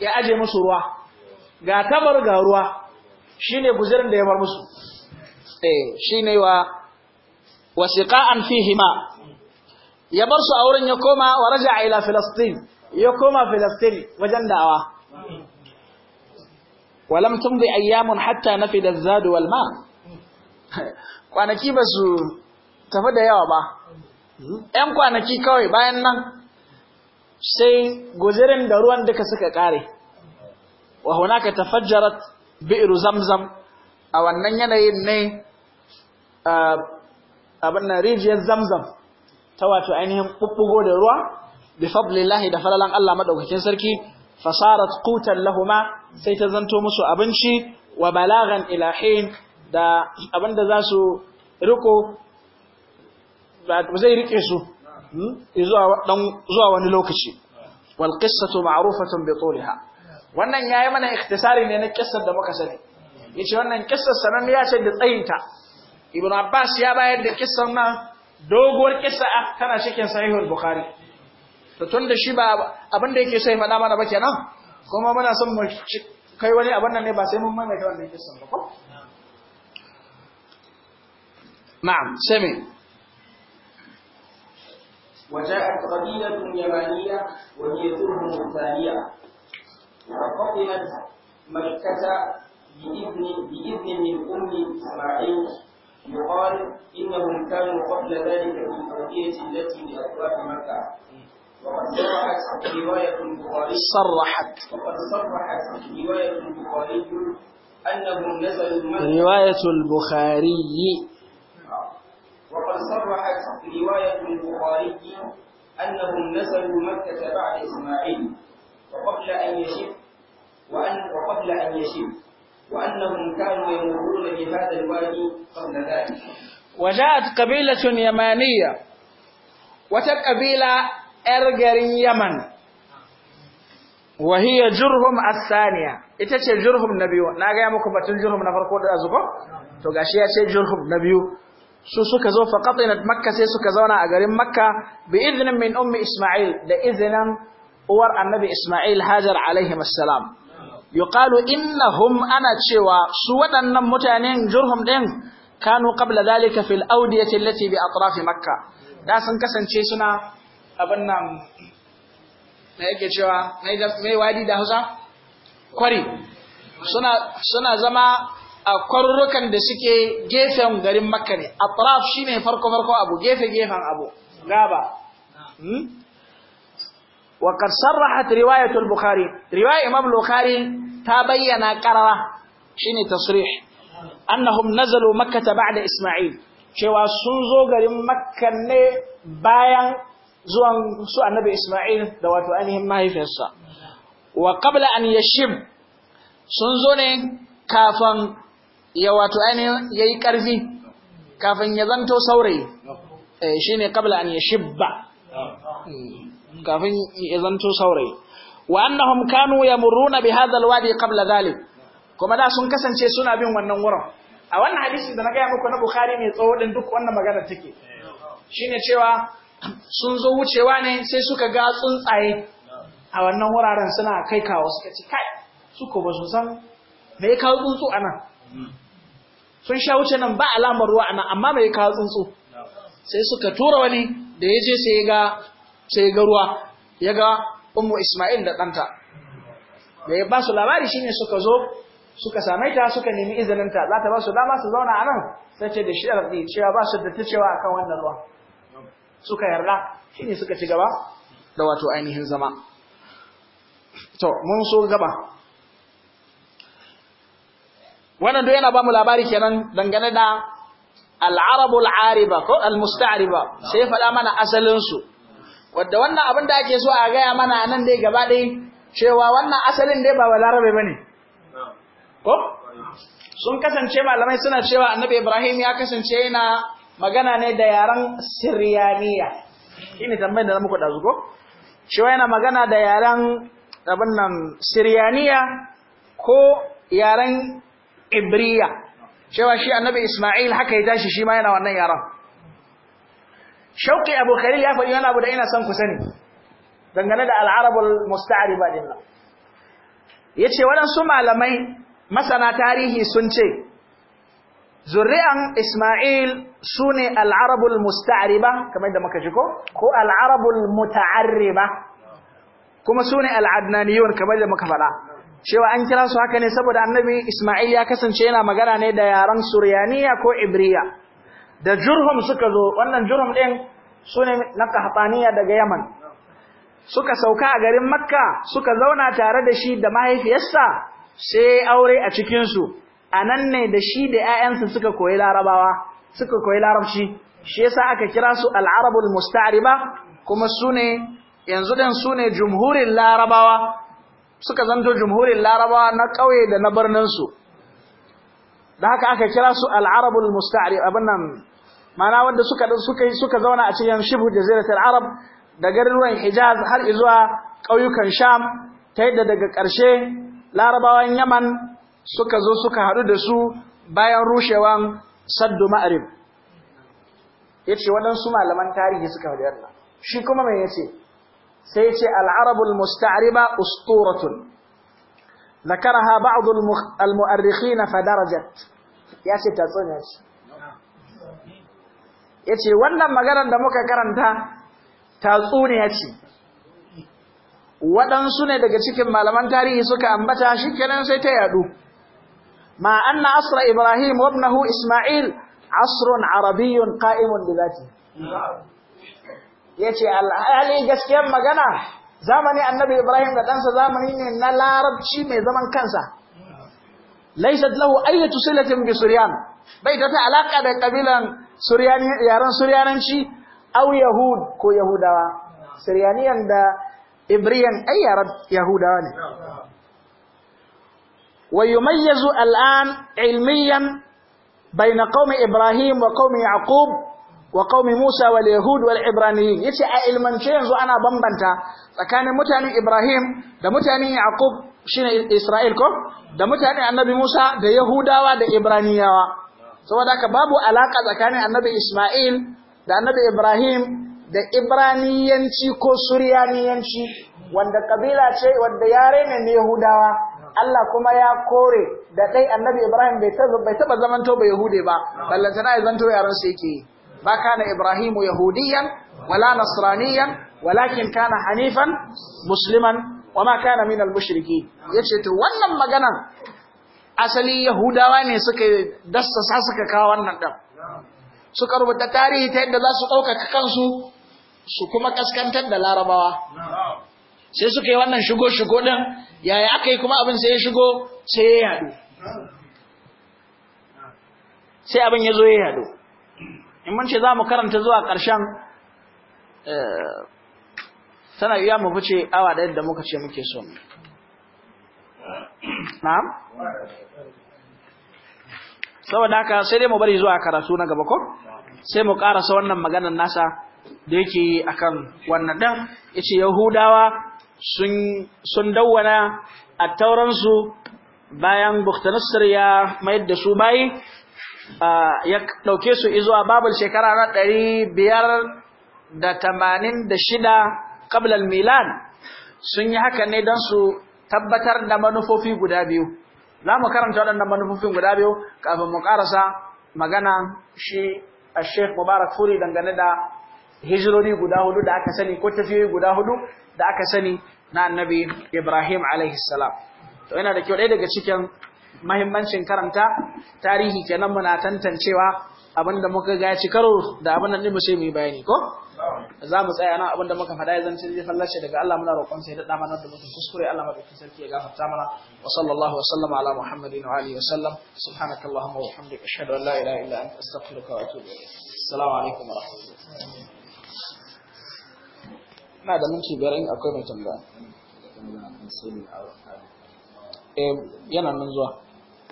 ya aje musu ruwa ga tabar ga ruwa shi ne guzirin da ya bar musu eh, shi ne wa wasiƙa fi hima? ya bar su a wurin ya koma wa raja ila filastin ya koma filastin wajen da'awa walam bai ayyamun hatta na da zadu walma ma [LAUGHS] kwanaki ba su tafi da yawa ba ‘yan kwanaki kawai bayan nan sai guzirin da ruwan duka suka ƙare, wa ka tafajjarat bi’iru zamzam a wannan yanayin ne abin na rijiyar zamzam ta wato ainihin ɓuɓɓugo da ruwa bi fadlillahi da falalan Allah madaukakin sarki fasarat kutar lahuma sai ta zanto musu abinci wa balagan ilahin da abin da za su riko ba zai rike su hmm, zuwa wani lokaci wal qissatu ma'rufatun bi tuliha wannan yayi mana ikhtisari ne na kissar da muka sani yace wannan kissar sanan ya ce da tsayinta ibn abbas ya bayar da kissar nan doguwar kissa tana cikin sahihul bukhari to tunda shi ba abin da yake sai ya faɗa mana ba kenan kuma muna son mu kai wani abin nan ne ba sai mun mamaye wannan kissan ba ko na'am sami وجاءت قبيلة يمانية وهي درهم الثانية وقبلت مكة بإذن, بإذن من أم إسماعيل يقال إنهم كانوا قبل ذلك في الأودية التي لأطراف مكة وقد صرحت رواية البخاري صرحت وقد صرحت رواية البخاري أنهم نزلوا رواية البخاري وقد صرحت رواية البخاري أنهم نزلوا مكة بعد إسماعيل وقبل أن يشب وأن وقبل أن يشب وأنهم كانوا يمرون بهذا الوادي قبل ذلك وجاءت قبيلة يمانية وتقبيلة أرجر يمن وهي جرهم الثانية إتتش جرهم نبيو ناقا يمكو باتن جرهم نفرقود أزوكو تو غاشي يتش جرهم نبيو su suka zo fa qatinat makka sai suka zauna a garin makka bi idnin min ummi isma'il da izinin uwar annabi isma'il hajar alaihi assalam yuqalu innahum ana cewa su waɗannan mutanen jurhum din kanu qabla dhalika fil awdiyati allati bi atraf makka da sun kasance suna abin nan yake cewa wadi da Hausa kwari suna suna zama a kwarurrukan da suke gefen garin makka ne shi shine farko farko abu gefe gefen abu gaba hmm? wa qad sarrahat riwayat al riwaya imam al ta bayyana qarara shine tasrih annahum nazalu ta ba'da isma'il cewa sun zo garin makka ne bayan zuwan su annabi isma'il da wato ainihin mahaifiyarsa wa qabla an yashib sun zo ne kafin ya wato ainihin ya yi ƙarfi kafin ya zanto saurayi eh, shi ne kabla an ya shibba hmm, kafin ya zanto saurayi wa annahum kanu muruna bi hadha alwadi qabla dhalik kuma da sun kasance suna bin wannan wurin a wannan hadisi da na gaya muku na Bukhari mai tsawo din duk wannan magana take shine cewa sun zo wucewa ne sai suka ga tsuntsaye a wannan wuraren suna kai kawo suka ce kai su ba su san me ya kawo tsuntsu anan. sun sha wuce nan ba alamar ruwa nan amma mai kawo tsuntsu sai suka tura wani da ya je sai ga sai ga ruwa ya ga ummu isma'il da ɗanta da ya ba su labari shine suka zo suka same ta suka nemi izinin ta za ta ba su dama su zauna a nan sai ce da sharadi cewa ba su da ta cewa akan wannan ruwa suka yarda shine suka ci gaba da wato ainihin zama to mun so gaba wannan duk yana ba mu labari kenan dangane da al'arabu ariba ko al-musta'riba sai faɗa mana asalin su wanda wannan abin da ake so a gaya mana nan dai gaba ɗaya cewa wannan asalin dai ba balarabe bane ko sun kasance malamai suna cewa annabi Ibrahim ya kasance yana magana ne da yaren Siriyaniya shine tambayar da na muku dazu ko cewa yana magana da yaren abin nan Siriyaniya ko yaren ibriya cewa shi annabi Ismail haka ya tashi shi ma yana wannan yaran Shauƙi Abu Khalil ya faɗi wani abu da ina son ku sani dangane da al'arabul arabul musta'riba din nan yace waɗansu malamai masana tarihi sun ce zuri'an Ismail sune ne al'arabul musta'riba kamar da muka ji ko ko al'arabul muta'arriba kuma sune ne adnaniyun kamar da muka faɗa cewa an kira su haka ne saboda annabi Ismail ya kasance yana magana ne da yaran Suryaniya ko Ibriya da Jurhum suka zo wannan Jurhum din sune na Qahtaniya daga Yaman suka sauka a garin Makka suka zauna tare da shi da mahaifiyarsa sai aure a cikin su anan ne da shi da ƴaƴansa suka koyi Larabawa suka koyi Larabci shi yasa aka kira su al-Arabul Musta'riba kuma sune yanzu dan sune jumhurin Larabawa suka zanto jumhurin laraba na ƙauye da na birninsu da haka aka kira su al'arabul musta'ari abin nan mana wanda suka suka suka zauna a cikin shibhu jaziratul arab da garuruwan hijaz har zuwa ƙauyukan sham ta yadda daga ƙarshe larabawan yaman suka zo suka haɗu da su bayan rushewan saddu ma'arib yace waɗansu malaman tarihi suka faɗi shi kuma mai yace sai ce al'arabul musta'riba usturatun zakaraha ba'd al-mu'arrikhin fa darajat ya ce tatsuniya ce wannan maganar da muka karanta tatsuniya ce waɗansu ne daga cikin malaman tarihi suka ambata kenan sai ta yadu ma na asra ibrahim wabnahu isma'il asrun arabiyyun qa'imun da dhatihi ya ce alhali gaskiyar magana zamani annabi ibrahim da ɗansa zamani ne na larabci mai zaman kansa laisat lahu ayyatu silatin bi suryan bai da ta alaka da kabilan suryani yaran suryananci aw yahud ko yahudawa suryaniyan da ibriyan ay yaran yahudawa ne wa yumayyizu al'an ilmiyan bayna qaumi ibrahim wa qaumi yaqub wa qaumi Musa wal Yahud wal Ibraniyin yace a ilmance yanzu ana bambanta tsakanin mutanen Ibrahim da mutanen Yaqub shine Isra'il ko da mutanen Annabi Musa da Yahudawa da Ibraniyawa saboda haka babu alaka tsakanin Annabi Isma'il da Annabi Ibrahim da Ibraniyanci ko Suryaniyanci wanda kabila ce wanda yare ne na Yahudawa Allah kuma ya kore da dai Annabi Ibrahim bai taba zamanto ba Yahude ba ballantana ya zanto yaran sa yake yi ما كان إبراهيم يهوديا ولا نصرانيا ولكن كان حنيفا مسلما وما كان من المشركين يشهد wannan maganan asali yahudawa ne suka dassasa suka kawo wannan dan suka rubuta tarihi ta yadda za su ɗaukaka kansu su kuma kaskantar da larabawa sai suka yi wannan shigo shigo din yaya aka yi kuma abin sai ya shigo sai ya yadu sai abin ya zo ya yadu in mun ce za mu karanta zuwa ƙarshen eh, tana iya mu fice awa ɗaya da muka ce muke so saboda haka sai dai mu bari zuwa karatu na gaba ko sai mu karasa wannan maganar nasa da yake akan wannan dan yace yahudawa sun sun dawwana a tauransu bayan Bukhtanasir ya mayar da su bayi ya ɗauke su izuwa babul shekara na ɗari biyar da tamanin da shida ƙablal milan sun yi haka ne don su tabbatar da manufofi guda biyu za mu karanta waɗannan manufofin guda biyu kafin mu ƙarasa magana shi a sheikh mubarak furi dangane da hijirori guda hudu da aka sani ko tafiyoyi guda hudu da aka sani na annabi ibrahim alaihi salam to yana da kyau ɗaya daga cikin mahimmancin karanta tarihi kenan muna tantancewa abinda muka ga ci karo da abin nan mu sai mu yi bayani ko za mu tsaya nan abinda muka faɗa ya zance zai fallace daga Allah muna roƙon sai da mana da mutum kuskure Allah madaukakin sarki ya gafarta mana wa sallallahu wa sallama ala muhammadin wa alihi wa sallam subhanakallahumma wa bihamdika ashhadu an la ilaha illa anta astaghfiruka wa atubu ilayk assalamu alaikum wa rahmatullahi ina da minti biyar in akwai mai tambaya eh, yana nan zuwa